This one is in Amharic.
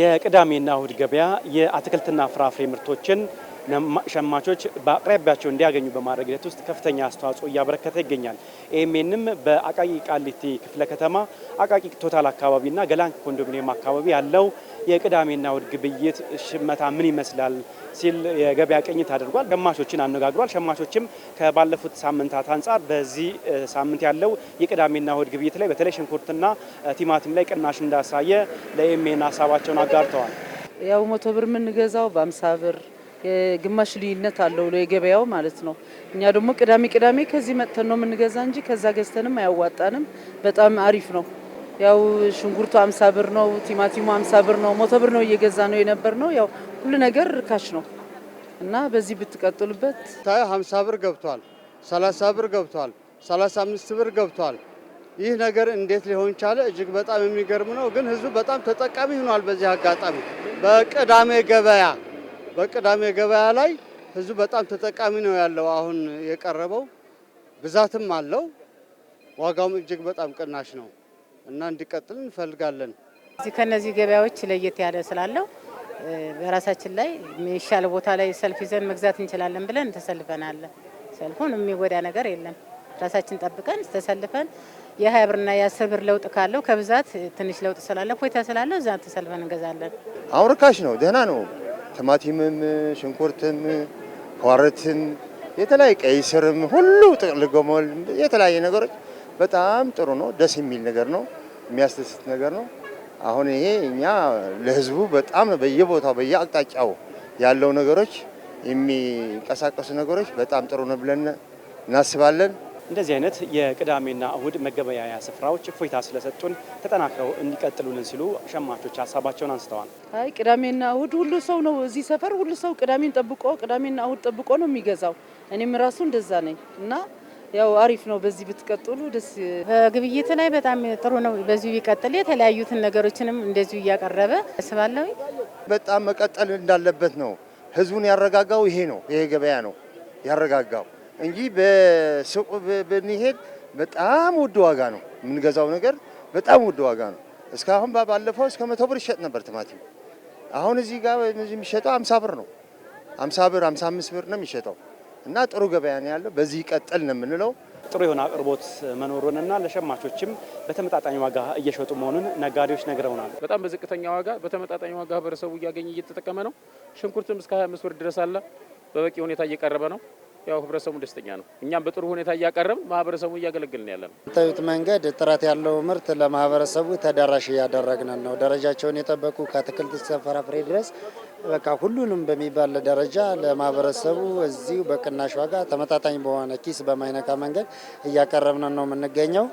የቅዳሜና እሁድ ገበያ የአትክልትና ፍራፍሬ ምርቶችን ሸማቾች በአቅራቢያቸው እንዲያገኙ በማድረግ ሂደት ውስጥ ከፍተኛ አስተዋጽኦ እያበረከተ ይገኛል። ኤምኤንም በአቃቂ ቃሊቲ ክፍለ ከተማ አቃቂ ቶታል አካባቢና ገላን ኮንዶሚኒየም አካባቢ ያለው የቅዳሜና እሁድ ግብይት ሽመታ ምን ይመስላል ሲል የገበያ ቅኝት አድርጓል። ሸማቾችን አነጋግሯል። ሸማቾችም ከባለፉት ሳምንታት አንጻር በዚህ ሳምንት ያለው የቅዳሜና እሁድ ግብይት ላይ በተለይ ሽንኩርትና ቲማቲም ላይ ቅናሽ እንዳሳየ ለኤምኤን ሀሳባቸውን አጋርተዋል። ያው መቶ ብር የምንገዛው በአምሳ ብር ግማሽ ልዩነት አለው የገበያው ማለት ነው። እኛ ደግሞ ቅዳሜ ቅዳሜ ከዚህ መጥተን ነው የምንገዛ እንጂ ከዛ ገዝተንም አያዋጣንም። በጣም አሪፍ ነው። ያው ሽንኩርቱ አምሳ ብር ነው፣ ቲማቲሙ አምሳ ብር ነው፣ ሞቶ ብር ነው እየገዛ ነው የነበር ነው። ያው ሁሉ ነገር ርካሽ ነው እና በዚህ ብትቀጥሉበት ታ ሀምሳ ብር ገብቷል፣ ሰላሳ ብር ገብቷል፣ ሰላሳ አምስት ብር ገብቷል። ይህ ነገር እንዴት ሊሆን ቻለ? እጅግ በጣም የሚገርም ነው። ግን ህዝቡ በጣም ተጠቃሚ ሆኗል። በዚህ አጋጣሚ በቅዳሜ ገበያ በቅዳሜ ገበያ ላይ ህዝቡ በጣም ተጠቃሚ ነው ያለው። አሁን የቀረበው ብዛትም አለው፣ ዋጋውም እጅግ በጣም ቅናሽ ነው እና እንዲቀጥል እንፈልጋለን። ከነዚህ ገበያዎች ለየት ያለ ስላለው በራሳችን ላይ የሚሻል ቦታ ላይ ሰልፍ ይዘን መግዛት እንችላለን ብለን ተሰልፈናል። ሰልፉን የሚጎዳ ነገር የለም። ራሳችን ጠብቀን ተሰልፈን የሀያ ብርና የአስር ብር ለውጥ ካለው ከብዛት ትንሽ ለውጥ ስላለ ፎይታ ስላለው እዛ ተሰልፈን እንገዛለን። አውርካሽ ነው፣ ደህና ነው። ቲማቲምም፣ ሽንኩርትም፣ ኳረትም የተለያየ ቀይ ስርም ሁሉ ጥቅል ጎመን የተለያየ ነገሮች በጣም ጥሩ ነው። ደስ የሚል ነገር ነው። የሚያስደስት ነገር ነው። አሁን ይሄ እኛ ለህዝቡ በጣም በየቦታው በየአቅጣጫው ያለው ነገሮች የሚንቀሳቀሱ ነገሮች በጣም ጥሩ ነው ብለን እናስባለን። እንደዚህ አይነት የቅዳሜና እሁድ መገበያያ ስፍራዎች እፎይታ ስለሰጡን ተጠናክረው እንዲቀጥሉልን ሲሉ ሸማቾች ሀሳባቸውን አንስተዋል። አይ ቅዳሜና እሁድ ሁሉ ሰው ነው እዚህ ሰፈር ሁሉ ሰው ቅዳሜን ጠብቆ ቅዳሜና እሁድ ጠብቆ ነው የሚገዛው። እኔም ራሱ እንደዛ ነኝ እና ያው አሪፍ ነው። በዚህ ብትቀጥሉ ደስ በግብይት ላይ በጣም ጥሩ ነው። በዚሁ ቢቀጥል የተለያዩትን ነገሮችንም እንደዚሁ እያቀረበ ስባለው በጣም መቀጠል እንዳለበት ነው። ህዝቡን ያረጋጋው ይሄ ነው። ይሄ ገበያ ነው ያረጋጋው። እንጂ በሱቁ ብንሄድ በጣም ውድ ዋጋ ነው የምንገዛው ነገር በጣም ውድ ዋጋ ነው። እስካሁን ባለፈው እስከ መቶ ብር ይሸጥ ነበር ቲማቲም። አሁን እዚህ ጋር የሚሸጠው አምሳ ብር ነው። አምሳ ብር አምሳ አምስት ብር ነው የሚሸጠው እና ጥሩ ገበያ ነው ያለው። በዚህ ይቀጥል ነው የምንለው። ጥሩ የሆነ አቅርቦት እና ለሸማቾችም በተመጣጣኝ ዋጋ እየሸጡ መሆኑን ነጋዴዎች ነግረውናል። በጣም በዝቅተኛ ዋጋ በተመጣጣኝ ዋጋ ህብረተሰቡ እያገኘ እየተጠቀመ ነው። ሽንኩርትም እስከ 25 ብር ድረስ አለ። በበቂ ሁኔታ እየቀረበ ነው። ያው ህብረተሰቡ ደስተኛ ነው። እኛም በጥሩ ሁኔታ እያቀረብ ማህበረሰቡ እያገለገልን ያለ ነው። ታዩት መንገድ ጥራት ያለው ምርት ለማህበረሰቡ ተደራሽ እያደረግን ነው። ደረጃቸውን የጠበቁ ከአትክልት እስከ ፍራፍሬ ድረስ በቃ ሁሉንም በሚባል ደረጃ ለማህበረሰቡ እዚሁ በቅናሽ ዋጋ ተመጣጣኝ በሆነ ኪስ በማይነካ መንገድ እያቀረብን ነው የምንገኘው።